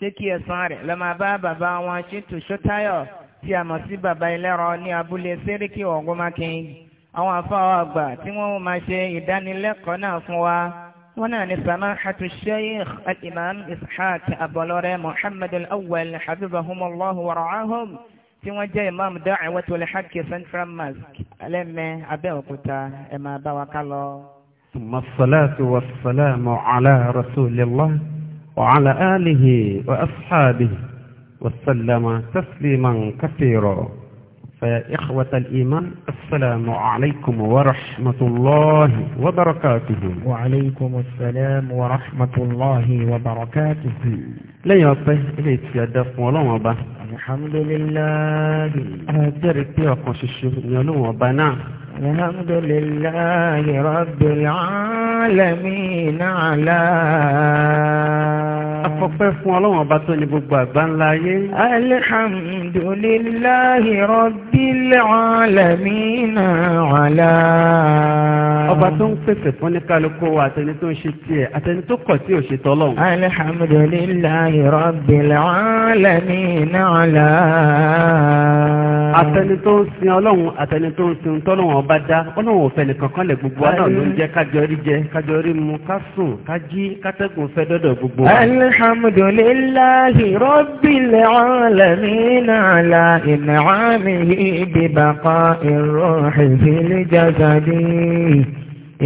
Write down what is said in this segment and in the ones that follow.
pé kí ẹ̀san rẹ̀ lọ máa bá bàbá wọn Chintu Ṣótáyọ̀ tí a mọ̀ sí bàbá ẹlẹ́rọ ní abúlé Séríkì Ògúnmákin àwọn afáwọ̀ àgbà tí wọ́n máa ṣe ìdánilẹ́kọ̀ọ́ náà fún wa wọ́n náà ní samahatu sheikh al-imam ishaq abọlọ́rẹ́ Muhammad al-awwal habibahumullahu wa tí wọ́n jẹ́ imam da'watul haqqi central mosque alẹ́mẹ́ abẹ́òkúta ẹ̀ máa bá wa ká lọ. masalatu wasalamu ala rasulillah. وعلى آله وأصحابه وسلم تسليما كثيرا فيا إخوة الإيمان السلام عليكم ورحمة الله وبركاته وعليكم السلام ورحمة الله وبركاته لا يطيح إليك يا دف الحمد لله أجرك يا قشش يلو نعم. الحمد لله رب العالمين على Ọpẹ́ fún Ọlọ́run ọba tó ní gbogbo àgbáńlá ayé. Alhamdulillahi Rabbil Alamina Ala. Ọba tó ń pèsè fún ní kálukú wa àtẹni tó ń ṣe tiẹ̀ àtẹni tó kọ̀ tí ò ṣe tọ́lọ́run. Alhamdulillahi Rabbil Alamina Ala. Àtẹni tó ń sin Ọlọ́run àtẹni tó ń sin tọ́lọ́run ọba dá Ọlọ́run ò fẹ́ nìkan gbogbo wa ló ń jẹ́ kájọ rí jẹ kájọ rí mu ká sùn ká jí kátẹ́gùn fẹ́ dọ́dọ̀ gbogbo wa. الحمد لله رب العالمين على إنعامه ببقاء الروح في الجسد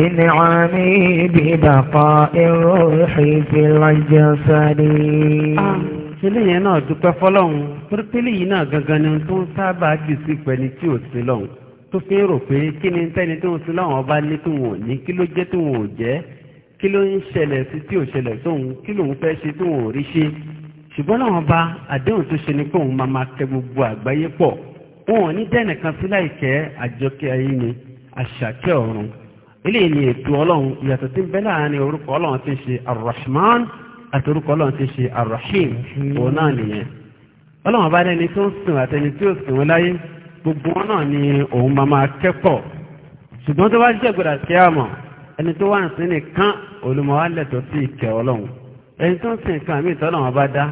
إنعامه ببقاء الروح في الجسد sílé yẹn náà dúpẹ́ fọlọ́run pérépélé yìí náà gangan ni tó ń sábà jù sí pẹ̀lú tí ò sí lọ́hùn tó fi ń rò pé kí ni tẹ́ni tó ń sí lọ́hùn ọba ní tí wọn ní kí ló jẹ́ tí wọn ò jẹ́ kí ló ń ṣẹlẹ̀ sí tí ò ṣẹlẹ̀ sóhun kí lòun fẹ́ ṣe tí òun ò rí ṣe ṣùgbọ́n làwọn bá àdéhùn tó ṣe ni pé òun máa máa kẹ gbogbo àgbáyé pọ̀ wọn ò ní dẹ́nì kan sí láìkẹ́ àjọkẹ́ ayé ni àṣàkẹ́ ọ̀run eléyìí ni ètò ọlọ́run ìyàtọ̀ tí ń bẹ láàárín orúkọ ọlọ́run tí ń ṣe arrahman àti orúkọ ọlọ́run tí ń ṣe arrahim òun náà nìyẹn ọlọ́run bá dẹni tó ń sìn àtẹni tí ó sìn wọn láyé gbogbo wọn náà ni òun máa máa kẹ́kọ̀ọ́ ṣùgbọ́n tó bá jẹ́ gbọ́dọ̀ kí á mọ̀ ẹni tó wà ń sin nìkan olùmọ̀wálẹ̀ tó sì kẹ́ ọlọ́run ẹni tó ń sin nǹkan àmì ìtọ́lọ́run bá dá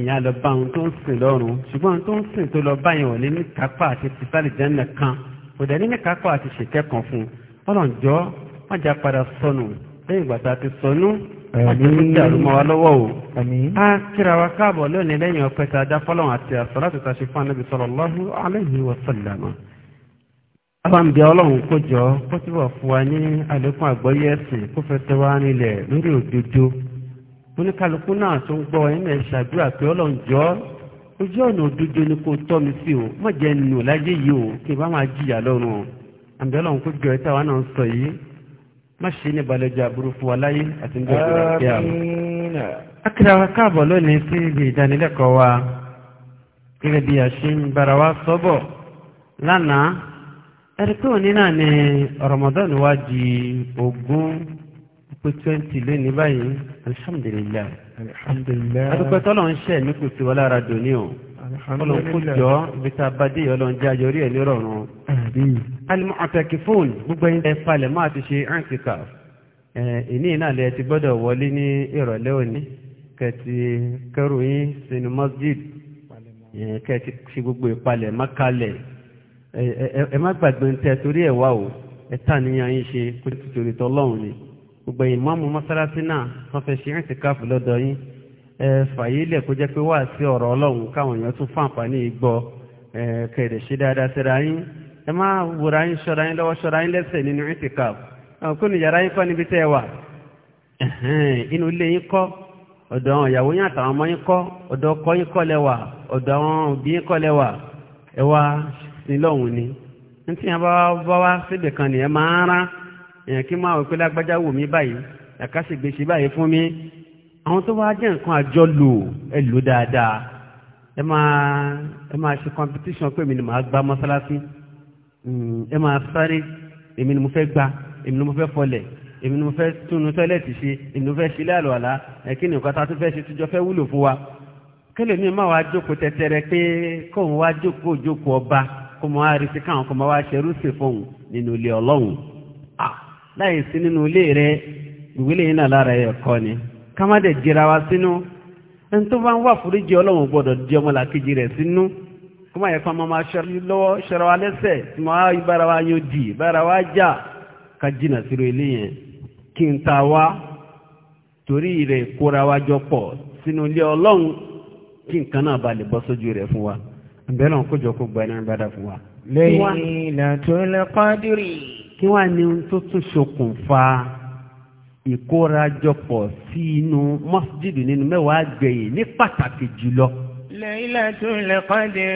ìyá lọ bá ohun tó ń sìn lọ́rùn ṣùgbọ́n ohun tó ń sìn tó lọ bá yẹn ò ní ní kápá àti tìsálì jẹ́nà kan kò dẹ̀ ní ní kápá àti ṣèkẹ́ kan fún un ọlọ́run jọ wọ́n já padà sọnù lẹ́yìn ìgbà tá a ti sọnù àti ìdí àrùmọ́ wa lọ́wọ́ o. a kíra wa káàbọ̀ lónìí lẹ́yìn ọ̀pẹ̀ta afáǹbí ọlọ́run kó jọ kó túbọ̀ fún wa ní àlékún àgbọ́yé ẹ̀sìn kó fẹ́ tẹ́ wá nílẹ̀ lórí òdodo oníkálukú náà tó ń gbọ́ ẹ̀yìn náà ṣàdúrà pé ọlọ́run jọ ojú ọ̀nà òdodo ni kò tọ́ mi sí o má jẹ́ nù láyé yìí o kí n bá máa jìyà lọ́rùn o ọlọ́run kó ẹ̀ táwa náà ń sọ yìí má ṣe ní balẹ̀jọ́ àbúrò fún wa láyé àti ní ọjọ́ lánàá ẹni pé òní náà ni Ramadan wá di ogún pé twenty lónìí báyìí alihamudulilayi alihamudulilayi adúpẹ́ tọ́lọ̀ ń ṣe ẹ̀mí kù sí wọlé ara dùn ní o ọlọ́run kò jọ ibi tá a bá dé ọlọ́run jẹ́ ayọ̀rí ẹ̀ nírọ̀rùn. alimu àtẹ̀kì fóònù gbogbo ẹ̀ falẹ̀ máa ti ṣe àǹtíkà ìní ìnáàlẹ̀ ti gbọ́dọ̀ wọlé ní ìrọ̀lẹ́ òní kẹtì kẹrù yín sínú masjid kẹtì ṣe gbogbo ìpalẹ̀ mọ́kálẹ̀ E má gbàgbé ń tẹ torí ẹ̀ wá o ẹ tà níyàn yín ṣe kó torí tọ́lọ́run ni gbogbo ẹ̀yin mọ́mú mọ́sálásí náà wọ́n fẹ́ ṣe ti ẹ fàyè lẹ̀ kó jẹ́ pé wá sí ọ̀rọ̀ káwọn èèyàn tún ẹ ṣe dáadáa síra yín ẹ má yín yín lọ́wọ́ yín lẹ́sẹ̀ nínú ti ẹ wà sin ni ní tí yẹn bá bá wá síbì kan nìyẹn máa ń rán èèyàn kí máa wò pé lágbájá wò mí báyìí ẹ̀ka gbèsè báyìí fún mi àwọn tó wá jẹ́ nǹkan àjọ lò ẹ lò dáadáa ẹ máa ẹ máa ṣe competition pé èmi ni màá gba mọ́sálásí hmm, ẹ máa sáré èmi ni mo fẹ́ gba èmi ni mo fẹ́ fọlẹ̀ èmi ni mo fẹ́ túnú tọ́lẹ̀tì ṣe èmi ni mo fẹ́ ṣe ilé àlọ́àlá ẹ̀kí ni nǹkan tá a tún fẹ́ ṣe tíjọ́ fẹ́ wúlò fún wa kí lèmi máa wá jókòó tẹ́tẹ́rẹ́ pé kóun wá jókòó jókòó ọba kó mọ àrísí káwọn kó mọ wá ṣerú sí fóun nínú ilé ọlọ́run láì sí nínú ilé rẹ ìwílẹ̀ yìí náà lára ẹ̀kọ́ ni ká má dẹ̀ jìra wa sínú ẹni tó bá ń wà fúríjì ọlọ́run gbọ́dọ̀ di ọmọlàkejì rẹ̀ sínú kó má yẹ kó ọmọ máa ṣọrí lọ́wọ́ ṣọra wa lẹ́sẹ̀ tí mo á bára wa yóò dì bára wa já ká jìnà sírò ilé yẹn kí n ta wá torí rẹ̀ kóra wa jọ pọ̀ sínú ilé ọlọ́run kí nǹkan náà ba lè bọ́ sójú rẹ̀ fún wa bẹ́ẹ̀ kójọ kó gba ẹni bàdà fún wa. Laylatul Qadri. kí wàá ní tó tún ṣokùnfà ìkórajọpọ̀ sí inú mọ́sídìdì nínú mẹ́wàá Laylatul Qadri.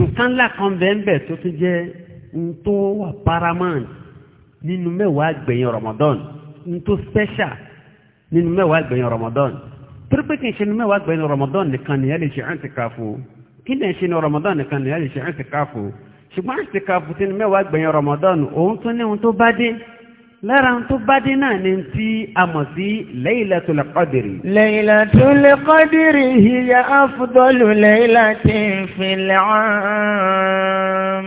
nǹkan ńlá kan bẹ́ẹ̀ bẹ́ẹ̀ tó tún jẹ́ n tó wà paramount nínú mẹ́wàá gbẹ̀yìn Ramadan n tó special nínú mẹ́wàá gbẹ̀yìn Ramadan torí pé kì í ṣe nínú mẹ́wàá gbẹ̀yìn Ramadan nìkan nìyẹn lè ṣe kí lè ṣe ní Ramadan nìkan ní ẹ̀lẹ́ ṣe ń ti káfù ṣùgbọ́n ti káfù tí ní mẹ́wàá gbẹ̀yìn Ramadan òun tún ní ohun tó bá dé lára ohun tó bá dé náà ni tí a mọ̀ sí Laylatul Qadr. Laylatul Qadr hiya afdalu laylatin fil 'am.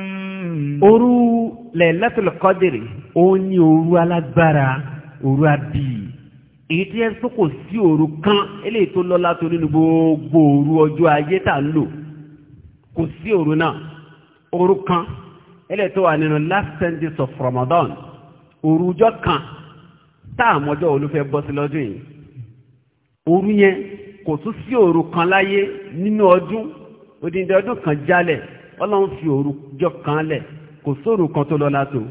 Òru Laylatul Qadr òun ni òru alágbára òru abíyì èyí tí ẹ sọ sí òru kan eléyìí tó lọ́lá tó nínú gbogbo òru ọjọ́ ajé tá ń lò kò sí òru náà òru kan ẹlẹ́ tó wà nínú last sentence of Ramadan òru ọjọ́ kan táàmọ́jọ́ olúfẹ́ bọ́ sí lọ́dún yìí òru yẹn kò tún sí òru kan láyé nínú ọdún odindi ọdún kan jálẹ̀ ọlọ́run fi òru ọjọ́ kan lẹ̀ kò sóòrù kan tó lọ́lá tó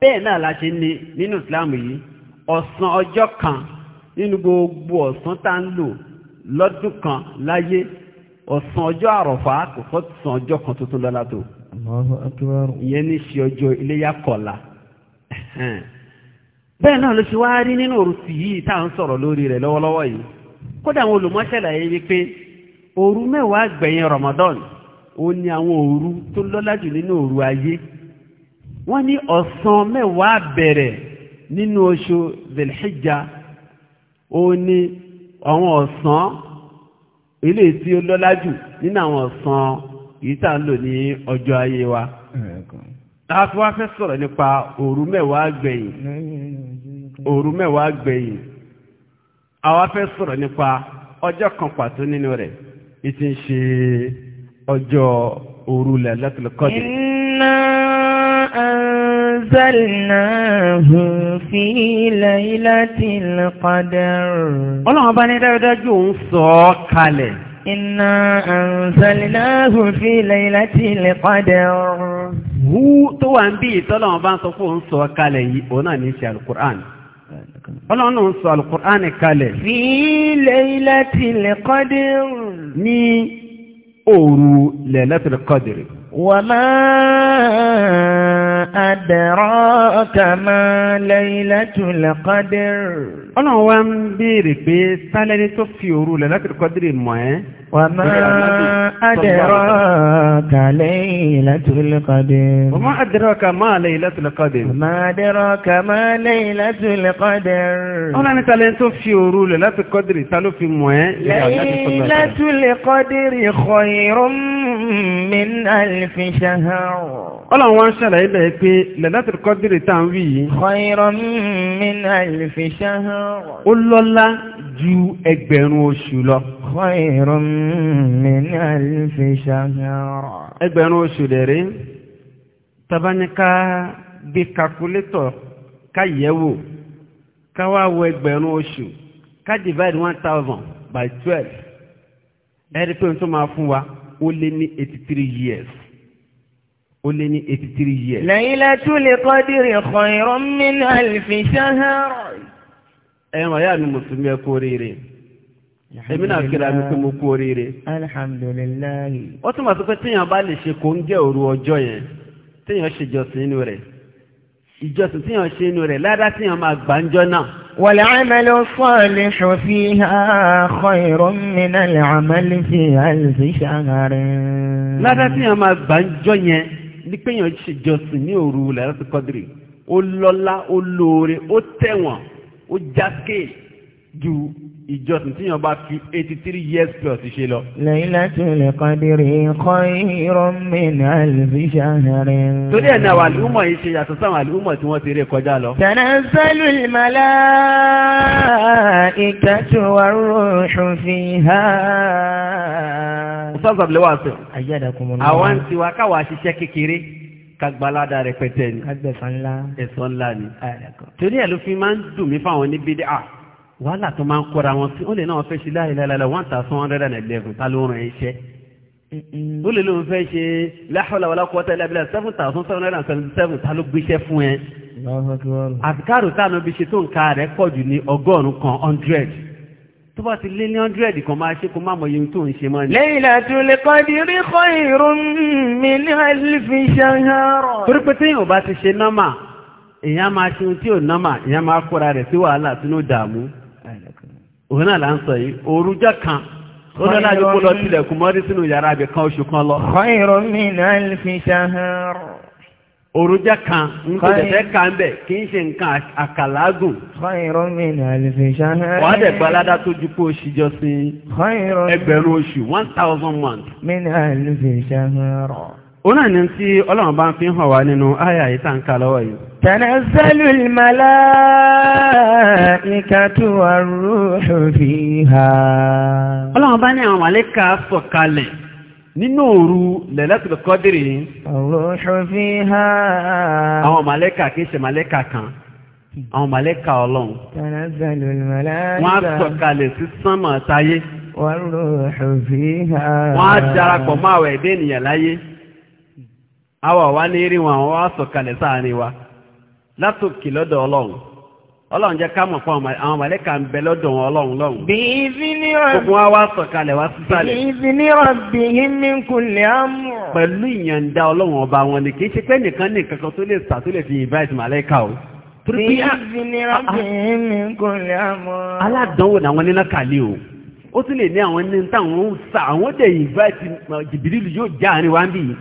bẹ́ẹ̀ náà la ṣe ní nínú ìsìláàmù yìí ọ̀sán ọjọ́ kan nínú gbogbo ọ̀sán tá ń lò lọ́dún kan láyé ọ̀sán ọjọ́ àrọ̀fà kò sọ́sàn ọjọ́ kan tó tó lọ́lá tó ìyẹn ní ṣe ọjọ́ iléyà kọ̀la bẹ́ẹ̀ náà ló ṣe wá rí nínú òrùsì yìí tá à ń sọ̀rọ̀ lórí rẹ̀ lọ́wọ́lọ́wọ́ yìí kódà àwọn olùmọ́ṣẹ̀lẹ̀ yìí wípé òru mẹ́wàá gbẹ̀yìn Ramadan ó ní àwọn òru tó lọ́lá jù nínú òru ayé wọ́n ní ọ̀sán mẹ́wàá bẹ̀rẹ̀ nínú oṣù dhul ó ní àwọn ọ̀sán ilé tí ó lọ́lá jù nínú àwọn ọ̀sán yìí tá ń lò ní ọjọ́ ayé wa láti wá fẹ́ sọ̀rọ̀ nípa òru mẹ́wàá gbẹ̀yìn òru mẹ́wàá gbẹ̀yìn àwa fẹ́ sọ̀rọ̀ nípa ọjọ́ kan pàtó nínú rẹ̀ ìtì ọjọ́ òru lẹ́lẹ́tìlẹ́kọ́dì. أنزلناه في ليلة القدر ọlọ́run bá ní dájúdájú òun sọ ọ́ kalẹ̀ Iná àǹsàlìláhù fi laylatil qadr. Wú tó wà ń bí ìtọ́lọ̀wọ̀n bá ń sọ fún òun sọ kalẹ̀ yìí, òun náà ní ṣe Al-Qur'an. Ọlọ́run náà ń sọ Al-Qur'an kalẹ̀. Fi laylatil qadr. Ní òru laylatil qadr. Wa máa adraka ma laylatul qadr ọlọ́run wá ń béèrè pé sálẹ́ni tó fi òru lẹ́lẹ́tùlù kọ́dìrì mọ̀ ẹ́ وما أدراك ليلة القدر وما أدراك ما ليلة القدر وما أدراك ما ليلة القدر أنا نتعلم في أورو ليلة القدر تعالوا في موين ليلة القدر خير من ألف شهر Ọlọ́run wá ń ṣàlàyé lẹ́ pé lẹ́lẹ́tìrì kọ́dìrì tá ń wí yìí. Khairan min alfi shahr. Ó min alfi shahr. ẹgbẹ̀rún oṣù rẹ̀ rí tabaníká bí kakulétọ̀ ká yẹ̀wò ká wá wo ẹgbẹ̀rún oṣù divide one thousand by twelve ẹ̀rí pé n tó máa fún eighty three years ó lé eighty three years. Laylatul Qadri khayrun min alfi shahr. ẹ̀rọ ayé àmì mùsùlùmí èmi náà kíra mi pé mo kú oríire. alhamdulilayi. ó túmọ̀ sí pé téèyàn bá lè ṣe kóńgẹ́ òru ọjọ́ yẹn téèyàn ṣe jọ̀sìn inú rẹ̀ ìjọsìn téèyàn ṣe inú rẹ̀ ládá téèyàn máa gbàǹjọ́ náà. wàlẹ̀ àmàlẹ̀ sọ́ọ̀lì ṣòfì àkọ́ ìrọ́mìnà lè àmàlẹ̀ fi àìsí ṣàhàrẹ̀. ládá téèyàn máa gbàǹjọ́ yẹn ní péyàn ṣe jọ̀sìn ní òru lẹ́rọ̀tì kọ́dìrì ó ìjọsìn tí yàn bá fi eighty three years plus ṣe lọ. Laylatul Qadri khayrun min alfi shahrin. torí ẹ̀ ní àlùmọ̀ yìí ṣe yàtọ̀ sáwọn àlùmọ̀ tí wọ́n ti ré kọjá lọ. tanazzalul malaa'ikatu war-ruhu fiha. sọ́sọ́ bí wàá sọ. ayédèkùnmọ́nà. àwọn tiwa káwa ṣiṣẹ́ kékeré kagbalada rẹpẹtẹ ni. kagbẹ̀sán ńlá. ẹ̀sán ńlá ni. torí ẹ̀ ló fi máa ń dùn mí fáwọn ní bídíà wàhálà tó máa ń kóra wọn sí ó lè náà fẹ́ ṣe láìláìláìlá one thousand one hundred and eleven ta ló ràn iṣẹ́ ó lè lóun fẹ́ ṣe láhùlà wàlá kọ́tà ìlàbílà seven thousand seven hundred and seventy seven ta ló gbéṣẹ́ fún ẹ. àfikàrò táwọn ibi ṣe tó nǹka rẹ̀ pọ̀ jù ní ọgọ́rùn-ún kan hundred tó bá ti lé ní hundred kan máa ṣe kó má mọ iye tó ń ṣe mọ́ ni. Laylatul Qadri khayrun min alfi shahr. torí pé tí èèyàn bá ti ṣe nọ́mà tí òun náà là ń sọ yìí òrùjọ́ kan ó lọ́nà àdúgbò lọ tilẹ̀kùn mọ́rí sínú yàrá ibẹ̀ kan oṣù kan lọ. khairu min alfi shahr. òrùjọ́ kan ń tó tẹ̀tẹ̀ kan bẹ̀ kì í ṣe nǹkan àkàlágùn. khairu min alfi shahr. wàá dẹ̀ gba aládá tó ju pé oṣù jọ sí ẹgbẹ̀rún oṣù one thousand months. min alfi shahr. Ona ni tí Ọlọ́run bá ń fi hàn wá nínú àyà yìí tàn ká lọ́wọ́ yìí. Tẹ̀nẹ́sẹ́lù ìmọ̀lá ìkàtù àrùhù fi ha. Ọlọ́run bá ní àwọn màlẹ́kà sọ̀kalẹ̀ nínú òru lẹ́lẹ́tùlù kọ́dìrì yìí. Àrùhù fi ha. Àwọn màlẹ́kà kìí ṣe màlẹ́kà kan. Àwọn màlẹ́kà Ọlọ́run. Tẹ̀nẹ́sẹ́lù ìmọ̀lá ìkàtù. Wọ́n á sọ̀kalẹ̀ sí sánmà táyé. Wọ́n á darapọ̀ máa wẹ̀ dé ènìyàn láyé. awa wá ni rí wọn àwọn wa látòkè lọdọ ọlọ́run ọlọrun. jẹ ká mọ fún àwọn màlẹ́kà ń bẹ lọ́dọ̀ wọn ọlọ́run lọ́run. bí ibi wa wá sọ̀kalẹ̀ wá sísàlẹ̀. bí ibi ní ọba wọn ni kì í ṣe pé nìkan ní kan tó lè fi invite màlẹ́kà o. bí ibi lè o ó tún lè ní àwọn ní táwọn ń àwọn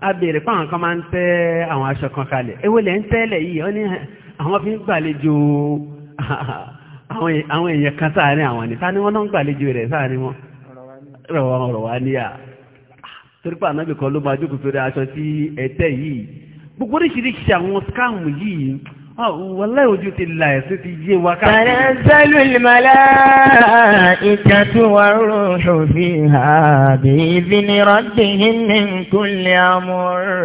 a béèrè fún àwọn kan máa ń tẹ́ àwọn aṣọ kan kalẹ̀ ewé lẹ́ ń tẹ́lẹ̀ yìí ó ní àwọn fi ń gbàlejò àwọn èèyàn kan sáàrin àwọn ní ta ni wọ́n náà ń gbàlejò rẹ̀ sáàrin wọn rọ̀wọ̀n rọ̀wà ní à torí pé ànábì kan ló máa jókòó sórí aṣọ tí ẹ̀tẹ́ yìí gbogbo oríṣiríṣi àwọn skáàmù yìí Ah, Wọ́lá ojú ti là ẹ̀ sí ti yé wa káàkiri. Tàrẹ sẹ́lú ìmọ̀lá ìkàtú wa rúrù fi ha bí ibi ni rọ́dì ní kúlẹ̀ amúrù.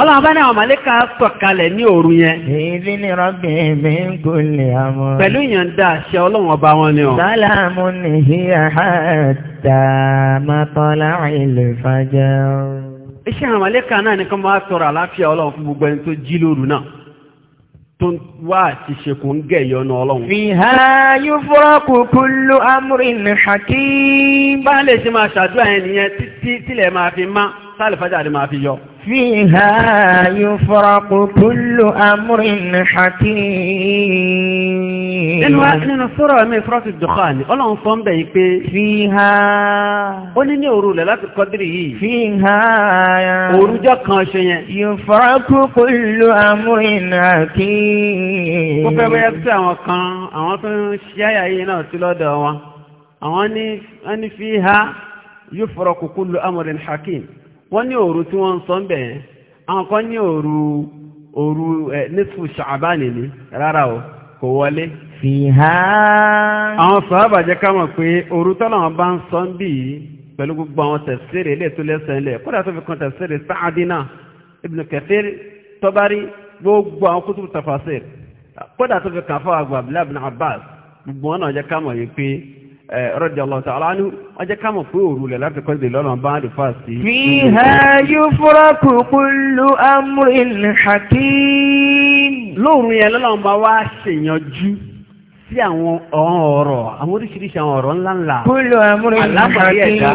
Ọlọ́run bá ní àwọn màlíkà sọ̀kalẹ̀ ní òru yẹn. Bí ibi ni rọ́dì ní kúlẹ̀ amúrù. Pẹ̀lú ìyọ̀ǹda àṣẹ ọlọ́run ọba wọn ni o. Sálámù ni hiya hatta matọ́lá ìlú fàjẹ́. Iṣẹ́ àwọn màlíkà náà ni kọ́ tó ń wá àti ṣekùn ń gẹ̀yọ́ ọ̀nà ọlọ́run. Fìhá yóò fọ́rọ́kù kúlú amúrin hakim. Bá lè ṣe máa ṣàdúrà yẹn nìyẹn títí tílẹ̀ máa fi má sálìfájà lè máa fi yọ. Fìhá yóò fọ́rọ́kù amúrin hakim nínú nínú sọ́rọ̀ ẹ̀mí ìfúrọ́tì dùkọ́ ni ọlọ́run sọ ń bẹ̀ yìí pé fi ha ó ní ní òru rẹ̀ láti kọ́dírì yìí fi ha òrùjọ́ kan ṣe yẹn. yóò fara kúkú lu amúrinà kí. ó fẹ́ wẹ́yẹ́ sí àwọn kan àwọn tó ń ṣíyáyà yìí náà sí lọ́dọ̀ wọn àwọn ní fi ha yóò fara kúkú lu amúrinà hakim wọ́n ní òru tí wọ́n ń sọ ń bẹ̀ àwọn kan ní òru òru ẹ̀ nísfù ṣàbánì ni rárá o kò wọlé fi ha. àwọn sọ́ọ́bà jẹ́ ká mọ̀ pé òru tọ́lọ́wọ́n bá ń sọ ń bì í pẹ̀lú gbogbo àwọn tẹ̀síìrì ilé tó lẹ́sẹ̀ ńlẹ̀ kódà tó fi kan tẹ̀síìrì sáàdínà ibn Kathir tọ́bárí gbogbo àwọn kútùbù tafasir kódà tó fi kàn àgbà Abdullah Abbas gbogbo wọn náà jẹ́ ká mọ̀ yìí pé radiyallahu ta'ala anhu wọ́n jẹ́ ká mọ̀ pé òru lẹ̀ láti kọ́ ìdè lọ́nà bá rí fàásì. fiha yufraku kullu amrin hakim. lóòrùn yẹn lọ́nà bá wá ṣèyànjú sí àwọn ọ̀rọ̀ àwọn oríṣiríṣi àwọn ọ̀rọ̀ ńláńlá alábàárí ẹ̀dá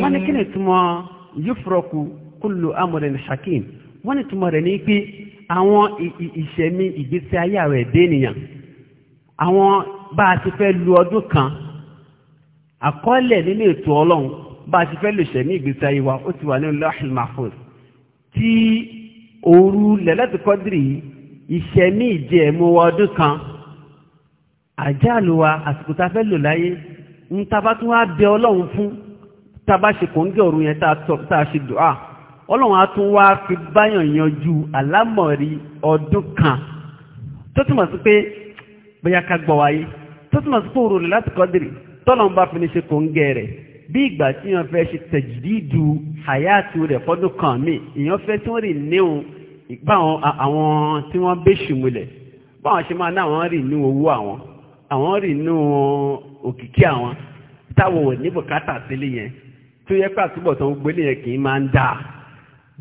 wọ́n ní kí ni túmọ̀ yufraku kullu amrin hakim wọ́n ní túmọ̀ rẹ̀ ní pé àwọn ìṣẹ̀mí ìgbésí ayé àwẹ̀ dẹ́nìyàn àwọn bá a ti fẹ́ lu ọdún kan àkọọ́lẹ̀ nínú ètò ọlọ́run bá a ti fẹ́ lu ìṣẹ̀mí ìgbésí ayé wa ó ti wà nínú lahil mahfuz tí òru lẹ́lẹ́tìkọ́dìrì ìṣẹ̀mí ìjẹ̀mú ọdún kan àjálù wa àsìkò tá a lò láyé ń taba tún wá bẹ ọlọ́run fún taba ṣe kò ń gẹ òru yẹn tá a ṣe dùá ọlọ́run á tún wá fi báyàn yanjú àlámọ̀rí ọdún kan tó túmọ̀ sí pé bóyá ká gbọ́ wáyé tó túmọ̀ sí pé òru rẹ̀ láti kọ́dìrì tọ́lọ́run bá fi ní ṣe kò ń gẹ rẹ̀ bí ìgbà tí èèyàn fẹ́ ṣe tẹ̀jìdìdù àyàtú rẹ̀ fọ́dún kan mi èèyàn fẹ́ tí wọ́n rì níhun ìgbà àwọn tí wọ́n bẹ́ṣù múlẹ̀ báwọn ṣe máa ná àwọn rì ní owó àwọn àwọn rí inú òkìkí àwọn táwọn ò ní bùkátà sílé yẹn tó yẹ pé àtúbọ̀tán gbélé yẹn kì í máa ń dáa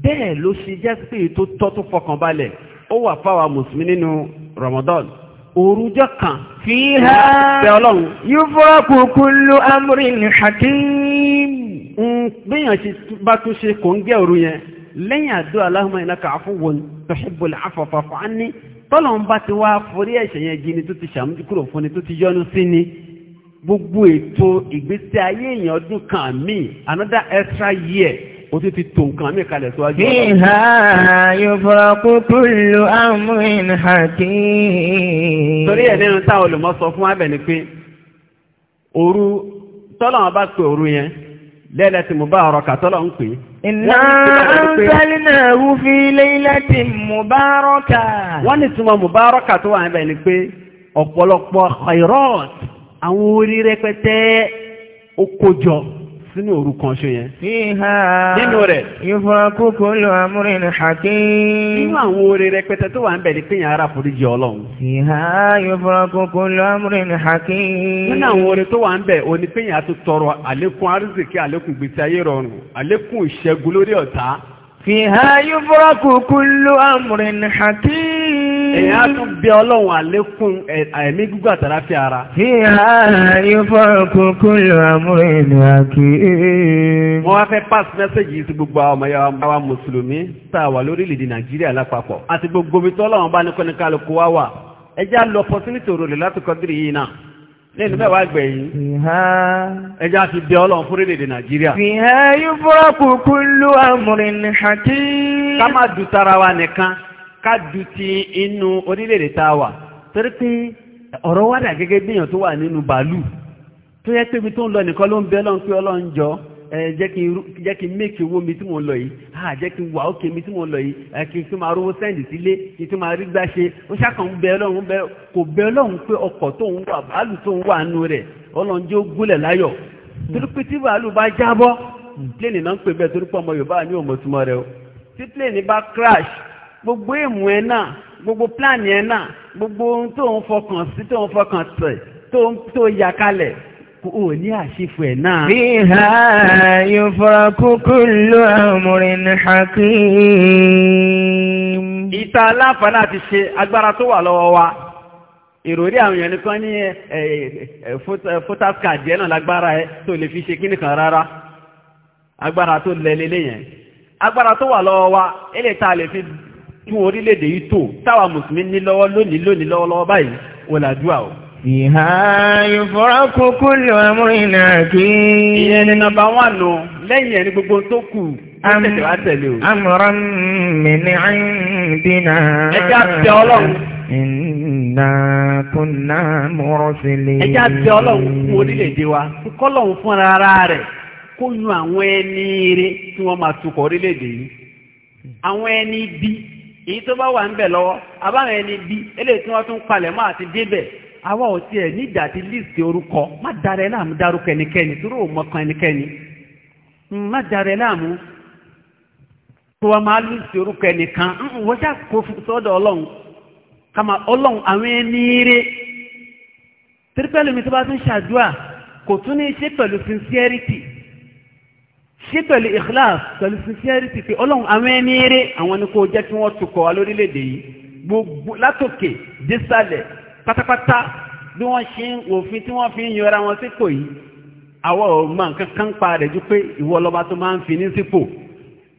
bẹ́ẹ̀ ló ṣe jẹ́ pé tó tọ́ tó fọkàn balẹ̀ ó wà fáwa mùsùlùmí nínú Ramadan orújọ́ kan. fi ha bẹ ọlọ́run. yufraku kullu amrin hakim. bẹ́yàn ṣe bá tún ṣe kò ń gẹ́ òru yẹn lẹ́yìn àdó Allahumma innaka afuwwun tuhibbul afwa fa'fu anni tọ́lọ̀ ń bá ti wá forí ẹ̀ṣẹ̀ yẹn jí ni tó ti ṣàmójúkúrò fún ni tó ti yọ́nú sí ni gbogbo ètò ìgbésí ayé èèyàn ọdún kan míì another extra year ó ti ti tó nǹkan míì kalẹ̀ síwájú. ìhà yufraqu kullu amrin hakim. torí ẹ̀ nínú táwọn olùmọ̀ sọ fún abẹ ni pé òru tọ́lọ̀ bá pe òru yẹn lẹ́lẹ́tì mubaraka tọ́lọ̀ ń pè. Inna anzalnahu fi laylatin mubaraka. Wọ́n ní túnmọ̀ mubaraka tó wà ń bẹ̀ ni pé ọ̀pọ̀lọpọ̀ khairat àwọn orí rẹpẹtẹ ó sínú òru kan ṣe yẹn. fíhà nínú rẹ̀. ìfọ̀kú kò lo amúrin hakim. nínú àwọn oore rẹpẹtẹ tó wà ń bẹ̀ ní pínyà ara foríjì ọlọ́run. fíhà ìfọ̀kú kò lo amúrin hakim. nínú àwọn oore tó wà ń bẹ̀ òní pínyà tó tọrọ àlékún arísìkí àlékún gbèsè ayé rọrùn àlékún ìṣẹ́gun lórí ọ̀tá. Fìhá yúfúrọ́kù kúlú àmùrin hakim. Èyàn tún bí ọlọ́run àlékún àìmí gúgbà tàrà fi ara. Fìhá yúfúrọ́kù kúlú àmùrin hakim. Wọ́n wá fẹ́ pass message yìí sí gbogbo ọmọ yàwá Mùsùlùmí tàwà lórílẹ̀-èdè Nàìjíríà lápapọ̀. Àti gbogbo mi tọ́lọ́run bá ní kọ́ni kálukú wá wà. Ẹ já lọ opportunity òròlè láti kọ́dírì yìí náà. n'elu mẹ́wàá gbẹ̀yìn. Fìhá. Ẹja ti bẹ ọlọ́run fún orílẹ̀-èdè Nàìjíríà. Fìhá yóò fọ́ ló amúrin hàkí. Ká tara wa nìkan, ká du ti inú orílẹ̀-èdè tá wà. Torí pé ọ̀rọ̀ wádà gẹ́gẹ́ wà nínú bàálù. Tó yẹ pé ibi tó ń lọ nìkan ló jẹ́ kí mẹ́kì owó mi tí mo lọ yìí ah jẹ́ kí wà ókè mi tí mo lọ yìí kí n tún máa rówó sẹ́ǹdì sílé kí n tún máa rí gbá ṣe ó ṣàkàn bẹ ọlọ́run bẹ kò bẹ ọlọ́run pé ọkọ̀ tó ń wà bàálù tó ń wà nù rẹ̀ ọlọ́run jẹ́ ó gúnlẹ̀ láyọ̀ torí pé tí bàálù bá jábọ́ pléènì náà ń pè bẹ́ẹ̀ torí ọmọ Yorùbá ní òmò túmọ̀ rẹ o tí pléènì bá crash gbogbo èèmù ẹ náà gbogbo pláàni ẹ náà gbogbo ohun tó ń fọkàn sí tó ń fọkàn tẹ̀ tó yà kalẹ̀ ó ní àṣífò ẹ̀ náà. bí ha yóò fọ́ra kúkú ló àmúrin hakim. ìta aláǹfààní àti ṣe agbára tó wà lọ́wọ́ wa ìròrí àwọn èèyàn nìkan ní fótáskà díẹ̀ náà lágbára ẹ tó lè fi ṣe kí nìkan rárá agbára tó lẹ́lẹ́lẹ́ yẹn agbára tó wà lọ́wọ́ wa eléta lè fi tún orílẹ̀-èdè yìí tò táwa mùsùlùmí ní lọ́wọ́ lónìí lónìí lọ́wọ́lọ́wọ́ báyìí wọ́n làdúrà o. Ìhà ìfọ́rọ́kù kúlò ẹmúrí Ìyẹn ni nọmba wà lò lẹ́yìn ẹni gbogbo tó kù. Amọ̀rọ̀ mi ní àìdínà. Ẹ jẹ́ àti ọlọ́run. Iná kúnná mọ̀rọ̀ sílé. èyí tó bá wà ń bẹ̀ lọ́wọ́, àbáwọn ẹni bí àwa ò tiẹ̀ nídàá ti líìsì orúkọ má dara ẹ láàmú dárúkọ ẹnikẹ́ni tó rò mọ́kàn ẹnikẹ́ni hmm, má dara ẹ láàmú tó wa máa líìsì orúkọ ẹnìkan hmm, wọ́n ṣáà kó sọ́dọ̀ ọlọ́run kama ọlọ́run àwọn ẹni rẹ̀ tiripẹ́lú mi tó bá tún ṣàdúrà kò tún ní ṣe pẹ̀lú sincerity ṣe pẹ̀lú ikhlas pẹ̀lú sincerity pé ọlọ́run àwọn ẹni rẹ̀ àwọn ni kò jẹ́ kí wọ́n tukọ̀ wá lórílẹ̀ gbogbo pátápátá bí wọ́n ṣe ń òfin tí wọ́n fi ń yọra wọn sípò yìí àwọ̀ ọ̀gbọ́n nǹkan kan pa rẹ̀ ju pé ìwọ lọ́ba tó máa ń fi ní sípò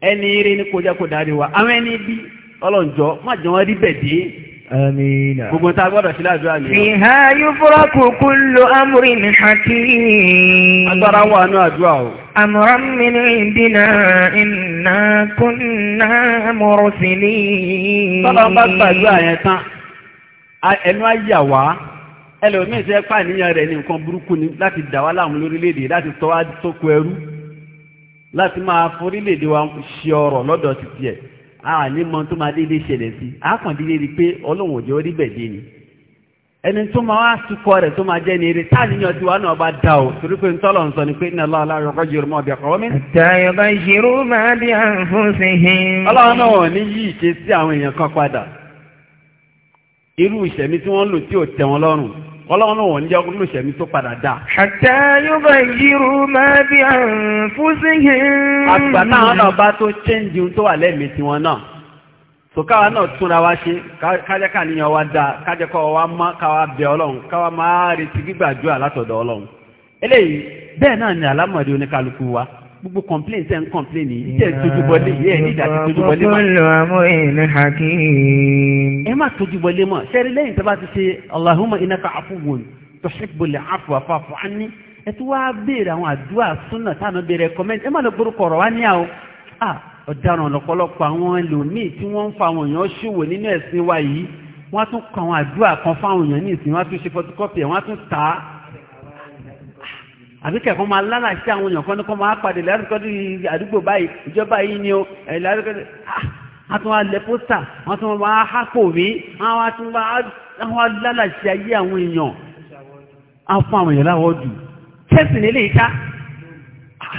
ẹni rí ní kó jẹ́ kó darí wa àwọn ẹni bí ọlọ́njọ́ má jẹ́ wọ́n rí bẹ̀ dé. Gbogbo ta gbọ́dọ̀ sí láàdúrà ni. Ìhà yóò fọ́rọ́ kò kú amúrí mi hàkí. Agbára wà ní àdúrà o. Àmọ̀ràn mi ní ìdínà iná kúnná mọ̀rọ̀ sí ní. Tọ́lá bá gbàdúrà yẹn tán ẹnu ayà wá ẹlòmíì ṣe pàníyàn rẹ̀ ní nǹkan burúkú ni láti dà wá láàmú lórílẹ̀‐èdè láti tọ́ wá sóko ẹrú láti máa forílẹ̀‐èdè wa ṣe ọ̀rọ̀ lọ́dọ̀ títí ẹ̀ a ní mọ tó máa déédéé ṣẹlẹ̀ sí i a kàn déédéé rí i pé ọlọ́run òjò rí bẹ̀ dé ni ẹni tó máa wá sukọ rẹ̀ tó máa jẹ́ ni eré táàníyàn tí wàá náà bá dá o torí pé ntọ́lọ̀ ń sọ ni pé iná lọ́wọ́ aláwọ̀ ọkọ̀ jùlọ mọ́ ọ̀bẹ̀ kọ́ mi. tayọ̀ bá ṣerú máa bí àǹfọ̀ọ́sẹ̀ hìn. ọlọ́run náà ní yí ìṣe àwọn èèyàn kan padà irú ìṣẹ̀mí tí wọ́n lò tí ò tẹ́ wọn lọ́rùn ọlọ́run náà wọ́n jẹ́ irú ìṣẹ̀mí tó padà dà. hatta yughayyiru ma àgbà náà bá tó tó náà tòkáwa náà túnra wá ṣe wá dáa má káwa bẹ ọlọ́run káwa máa retí látọ̀dọ̀ ọlọ́run eléyìí bẹ́ẹ̀ náà ni oníkálukú wa gbogbo complain sẹ́ ń complain yìí jẹ́ tójúbọlé yìí ẹ̀ nígbà tí tójúbọlé mọ́. ọ̀pọ̀lọpọ̀ àmọ́ ìní hakim. ẹ má tójúbọlé mọ́ sẹ́rí lẹ́yìn tó bá ti ṣe Allahumma innaka afuwun tuhibbul afwa fa'fu anni ẹ ti wá béèrè àwọn àdúrà súnà táwọn béèrè kọ́mẹ́ntì ẹ má lọ gbórúkọ ọ̀rọ̀ wá ní àwọn ọ̀daràn lọ́pọ̀lọpọ̀ àwọn ẹlòmíì tí wọ́n ń fa àwọn èèyàn ṣòwò nínú ẹ̀sìn wa yìí wọ́n á tún kọ àwọn àdúrà ẹ̀ àbí kẹ̀kọ́ máa lánà sí àwọn èèyàn kan ní kọ́ máa pàdé lárúkọ́dí àdúgbò báyìí ìjọba yìí ni ó lárúkọ́dí àtúnwà ah, lẹ pósítà wọ́n tún máa hápò rí àwọn àtúnwà lánà sí ayé àwọn èèyàn á fún àwọn èèyàn láwọ́ jù kẹ́sì nílé ìka ah,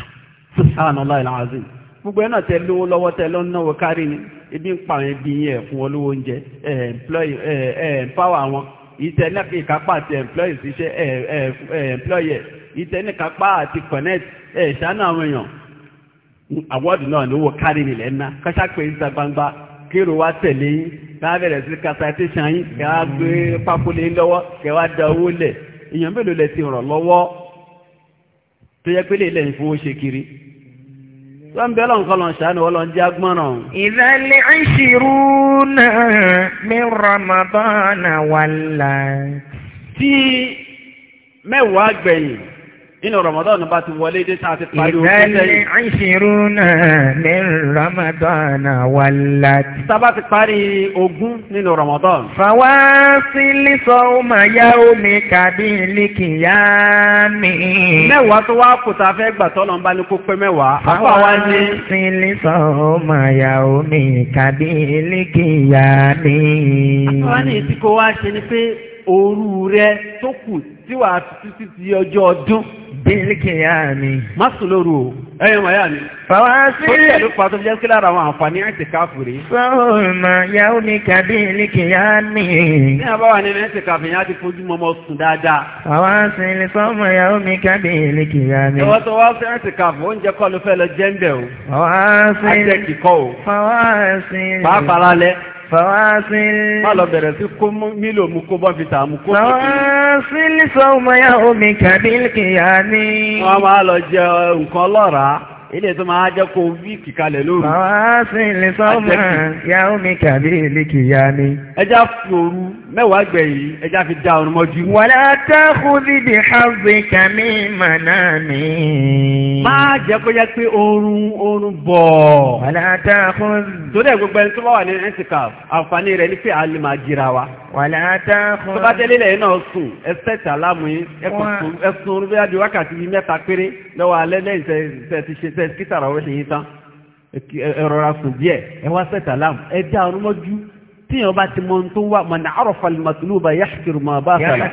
subhanallah alazim gbogbo ẹ̀ náà tẹ lówó lọ́wọ́ tẹ lọ́ náwó kárí ni ebi ń pa àwọn ẹbí yẹn fún wọn lówó oúnjẹ ẹ̀ ẹ̀ empower àwọn ìtẹ̀lẹ́ ìkápá àti employees iṣẹ́ employer ìtẹ́nìkápá àti connect ẹ̀ ṣáná àwọn èèyàn àwọ́dù náà ló wọ kárí nílẹ̀ ńlá kọ́ṣápẹ́ ìta gbangba kéèrò wá tẹ̀lé yín ká bẹ̀rẹ̀ sí kàtàtẹ́sàn yín ká gbé pápólé lọ́wọ́ kẹ wá da owó lẹ̀ èèyàn mélòó lẹ ti ràn lọ́wọ́ tó yẹ pé lè fowó ṣe kiri wọ́n bẹ́ lọ́n kọ́ lọ́n ṣàánú ọlọ́n jẹ́ agbọ́nà. ìdálẹ́ ìṣirú náà inú Ramadan bá ti wọlé dé tá a ti parí oṣù tẹ́yìn. ìdálẹ́ ìṣirúnà ní Ramadan wàlá. sábà ti parí ogún nínú Ramadan. fàwa sílí sọ ọmọ ya omi kàbí líkìyà mi. mẹ́wàá tó wá kò tá a fẹ́ gbà tọ́lọ̀ ń bá ní kó pé mẹ́wàá. àpá wa ní. sílí sọ ọmọ ya omi kàbí líkìyà mi. àpá ní ìsìnkú wa ṣe ni pé òru rẹ tó kù tí wàá títí di ọjọ́ ọdún bílíkìyàmí. má sùn lóru o ẹyẹ màá yà ni. fàwọ́sí. ó tẹ̀lé pa tó fi jẹ́ kí lára àwọn àǹfààní àti káfùrí. sọ́ọ̀mà yàwó mi kà bílíkìyàmí. ní àbáwá ni ẹ̀ńtì káfùrí yẹn á ti fojú mọ́mọ́ sùn dáadáa. fàwọ́sí ni sọ́ọ̀mà yàwó mi kà bílíkìyàmí. ẹ̀wọ́n tó wá sí ẹ̀ńtì káfùrí oúnjẹ kọ́ ló fẹ́ lọ jẹ́ ń bẹ̀ o. fàwọ́sí. ajẹ́ kíkọ́ Fawásil. Má lọ bẹ̀rẹ̀ sí kó mílò mú kó bọ́nfìtà mú kó mú. Fawásil omi kàbílì kìyà ní. Wọ́n máa lọ jẹ nǹkan lọ́ràá ilé tó máa jẹ́ kó wíìkì kalẹ̀ lóru. àwọn aṣìn lè sọ mọ́ ya omi kàbí ìlíkì ya ni. ẹja fi òru mẹ́wàá gbẹ̀yìn ẹja fi dá ọ̀run mọ́jú. wàlá tákùdí bí hàbí kàmí màná mi. máa jẹ́ kó yẹ pé oorun oorun bọ̀. wàlá tákùdí. torí ẹ̀ gbogbo ẹni tó bá wà ní ẹ̀ńsìkà àǹfààní rẹ̀ ní pé a lè máa jira wa. wàlá tákùdí. tó bá délé lẹ́yìn náà sùn ẹsẹ̀ tàlámù yín ẹ̀sùn orí bí wákàtí mẹ́ta péré lọ́wọ́ alẹ́ lẹ́yìn tẹ̀ bẹ̀rẹ̀ sí kítàrà ọ̀rọ̀ ṣèyí tán ẹ̀rọra sùn díẹ̀ ẹ wá sẹ́tà láàmù ẹ dá ọ̀run mọ́jú tíyàn bá ti mọ tó ń wá mọ̀nà àròfàlì màtúlù bá yàtìrù mọ̀ bá sàlà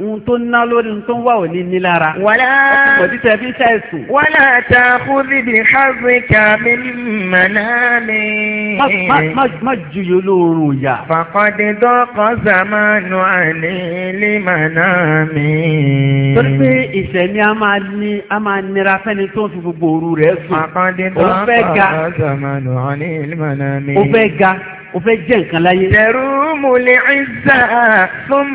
ohun tó ná lórí ohun tó ń wà ò ní ní lára. wàlá ọkọ̀ títẹ̀ fi ṣàìsùn. wàlá ta kú bíbí mi mọ̀nà mi. má ju yóò lóorun ìyá. fàkọ́dé dọ́kọ̀ sàmánù àní ilé mọ̀nà mi. torí pé ìṣẹ̀ni a máa ní a máa nira fẹ́ni tó ń fi gbogbo òru rẹ̀ sùn. fàkọ́dé dọ́kọ̀ sàmánù àní ilé mọ̀nà mi. ó fẹ́ ga o fẹ́ jẹ́ nǹkan láyé. Tẹ̀rù múlẹ̀ ìzà fún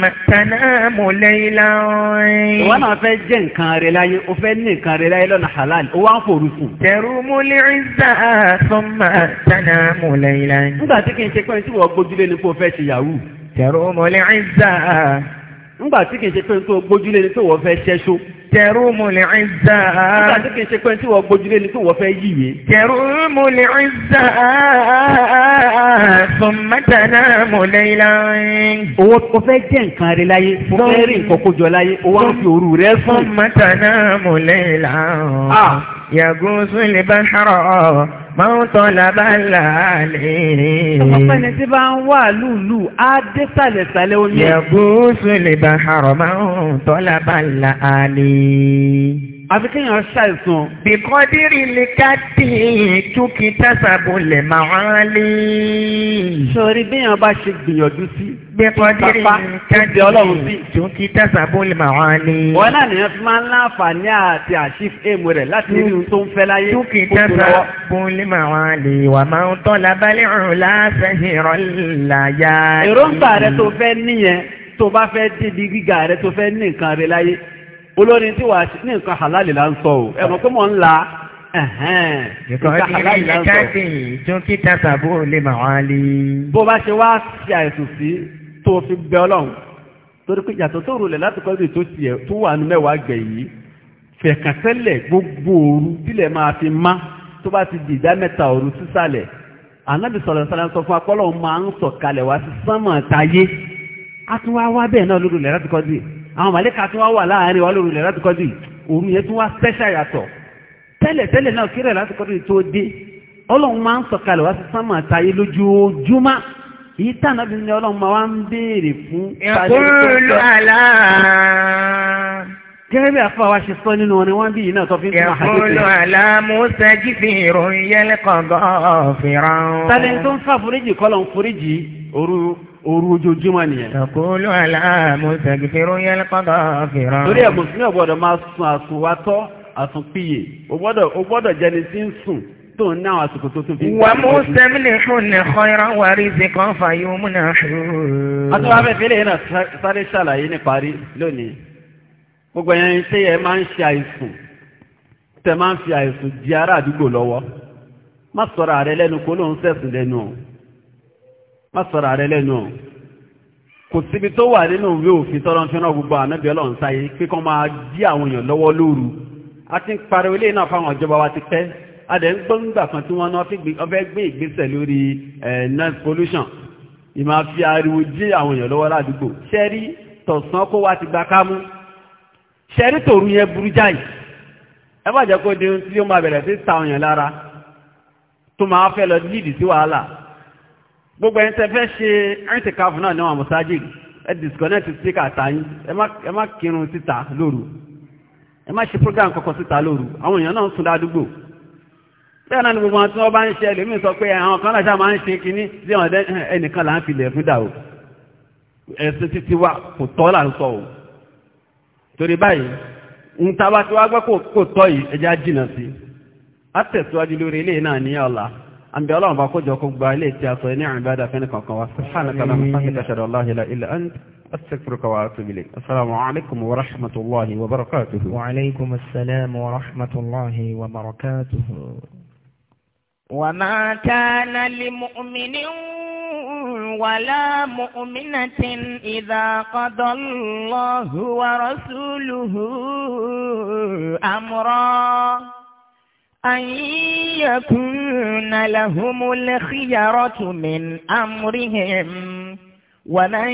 màtánà múlẹ̀ ìlànà. Ìwọ́n náà fẹ́ jẹ́ nǹkan rẹ̀ láyé, o fẹ́ ní nǹkan rẹ̀ láyé lọ́nà halal, o wá ń fòrú fún. Tẹ̀rù múlẹ̀ ìzà fún màtánà múlẹ̀ ìlànà. Nígbà tí kì í ṣe pé tí wọ́n gbójúlé ni kó fẹ́ ṣe yahoo. Tẹ̀rù múlẹ̀ ìzà. Nígbà tí kì í ṣe pé tó gbójúlé ni tó wọ́n fẹ́ ṣẹ́ṣó. Jẹ̀rúmù lè ń zà á. Nígbà tí kìí ṣe pé tí wọ́n gbójúlé ni tí wọ́n fẹ́ yíwe. Jẹ̀rúmù lè ń zà á. Sọ̀mọ́tàná mò lẹ́yìnlá. Owó o fẹ́ jẹ́ nǹkan rẹ láyé. O fẹ́ rí nǹkan kójọ láyé. O wá ń fi òru rẹ sùn. Sọ̀mọ́tàná mò lẹ́yìnlá yàgúsù lè bá ṣọ́rọ̀ mọ́tọ́ làbálà lè. ọmọkùnrin tí bá ń wà lùlù á dé sàlẹ̀sàlẹ̀ omi. yàgúsù lè bá ṣọ́rọ̀ mọ́tọ́ làbálà lè àfi kéèyàn ṣàìsàn. bìkọ́dírì lè ká dé túkì tásàbò lè máa ń lé. sọ̀rí béèyàn bá ṣe gbìyànjú sí. bìkọ́dírì lè ká dé túkì tásàbò lè máa ń lé. wọ́n náà nìyẹn fi máa ń láǹfààní àti àṣìf èèmù rẹ̀ láti rí ohun tó ń fẹ́ láyé. túkì tásàbò lè máa ń lé wà máa ń tọ́ labalẹ̀ ọ̀rùn lásán ìrọ̀lẹ́yà. èròǹgbà rẹ tó fẹ́ níyẹn tó bá fẹ́ débi gíga rẹ tó fẹ́ ní nǹkan rẹ láyé olórin tí wàá ní nǹkan halali la ń sọ o ẹ mọ̀ pé mò ń la nǹkan halali la ń sọ. tún kí tata bó lè mà wá lé. bó bá ṣe wá ṣe àìsùn sí tó fi bẹ ọlọ́run torí pé yàtọ̀ tó rò lẹ̀ láti kọ́ ibi tó tiẹ̀ tó wà ní mẹ́wàá gbẹ̀ yìí fẹ̀kàntẹ́lẹ̀ gbogbo ooru tílẹ̀ máa fi má tó bá ti di ìdá ooru sísàlẹ̀ ànábì sọ̀rọ̀ sọ̀rọ̀ sọ fún akọ́lọ́ máa ń sọ̀kalẹ̀ wá sí sánmọ̀ táyé á tún wá wá bẹ́ẹ̀ náà lórí lẹ̀ láti kọ́ ibi àwọn màlẹ́kà tí wọ́n wà láàárín wa lórí ilẹ̀ láti kọ́dù òru yẹn tí wọ́n special yàtọ̀ tẹ́lẹ̀ tẹ́lẹ̀ náà kí rẹ̀ láti kọ́dù tó dé ọlọ́run máa ń sọ̀kalẹ̀ wá sí sánmà táyé lójoojúmọ́ èyí bí ní ọlọ́run máa ń béèrè fún gẹ́gẹ́ bí wa ṣe sọ nínú wọn wọ́n bí iná tó fi ń tún àhàjẹ́ pé. ẹ̀kúnlọ́ aláàmúṣẹ́ jí fi ìròyìn yẹlẹ́kọ̀ọ́gọ́ fìràn. tàbí tó ń fà foríjì kọ́lọ̀ ń foríjì òru òru ojoojúmọ́ nìyẹn. ṣàkóló aláàmú ṣàgbẹ̀rọ yẹn lọ́kọ̀dọ̀ fìràn. torí ẹ̀ mùsùlùmí ọ̀gbọ́dọ̀ máa sun àsùnwátọ́ àsùnpìyè ó gbọ́dọ̀ jẹni tí ń sùn tó ń náwọn àsìkò tó tún fi. wà mú sẹ́mìlì fún ní khayran wà rizqan kan fàyè mú náà ṣù. àtúwáfẹ́ fílẹ̀ yìí náà sáré ṣàlàyé ní parí lónìí gbogbo ẹ̀yẹn ṣé ẹ máa ń ṣe àìsùn tẹ máa ń fi àìsùn di ará àdúgbò lọ́wọ́ má sọ̀rọ̀ ààrẹ lẹ́nu kó lóun sẹ̀sùn lẹ́nu o má sọ̀rọ̀ rẹ lẹ́nu o kò síbi tó wà nínú ìwé òfin tọ́lọ́ fi náà gbogbo ànábì ọlọ́run sáyé pé kán máa dí àwọn èèyàn lọ́wọ́ lóru a ti ń pariwo ilé náà fáwọn ìjọba wa ti pẹ́ a dẹ̀ ń gbọ́ngbà kan tí wọ́n náà fẹ́ gbé ìgbésẹ̀ lórí noise pollution ìmọ̀ fi ariwo dí àwọn èèyàn lọ́wọ́ ládùúgbò ṣẹ́rí tọ̀sán kó wá ti gba kámú ṣẹ́rí tòru yẹn burú jáì ẹ má jẹ́ kó di ohun tí ó máa bẹ̀rẹ̀ sí ta àwọn èèyàn lára tó máa fẹ́ lọ lídìí sí wàhálà gbogbo ẹni tẹ fẹ ṣe ẹ̀rìntìkáfù náà níwọ̀n mọ̀sájì ẹ disconnect speaker àtàyìn ẹ má kírun síta lóru ẹ má ṣe program kọ̀kọ̀ síta lóru àwọn èèyàn náà ń sùn bẹ́ẹ̀ náà ni gbogbo àwọn tí wọ́n bá ń ṣe ẹlòmíì sọ pé àwọn kan máa ń ṣe kínní o ẹ̀sìn títí wa kò tọ́ là ń sọ o torí báyìí ń gbọ́ kò tọ́ yìí ẹja jìnnà sí á tẹ̀síwájú lórí أنبي الله باقود يقول بالي تأطيني عن بعد فينك وقوا سبحانك الله محمد أشهد الله لا إلا أنت أستغفرك وأتوب إليك السلام عليكم ورحمة الله وبركاته وعليكم السلام ورحمة الله وبركاته وما كان لمؤمن ولا مؤمنة إذا قضى الله ورسوله أمراً أن يكون لهم الخيرة من أمرهم ومن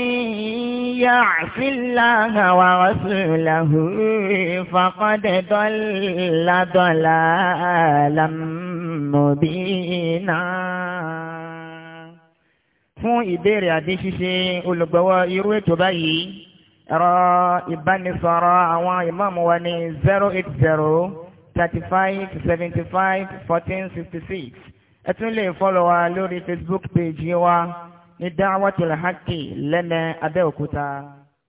يعص الله ورسوله فقد ضل ضلالا مبينا fún ìbéèrè àti ṣíṣe olùgbọ́wọ́ irú ètò báyìí ẹ̀rọ ìbánisọ̀rọ̀ àwọn ìmáàmù wa ní zero eight zero thirty five seventy five fourteen sixty six ẹ tún lè fọ́lọ̀ wa lórí Facebook page wa ní Da'watul Haqqi lẹ́mẹ̀ẹ́ Abẹ́òkúta.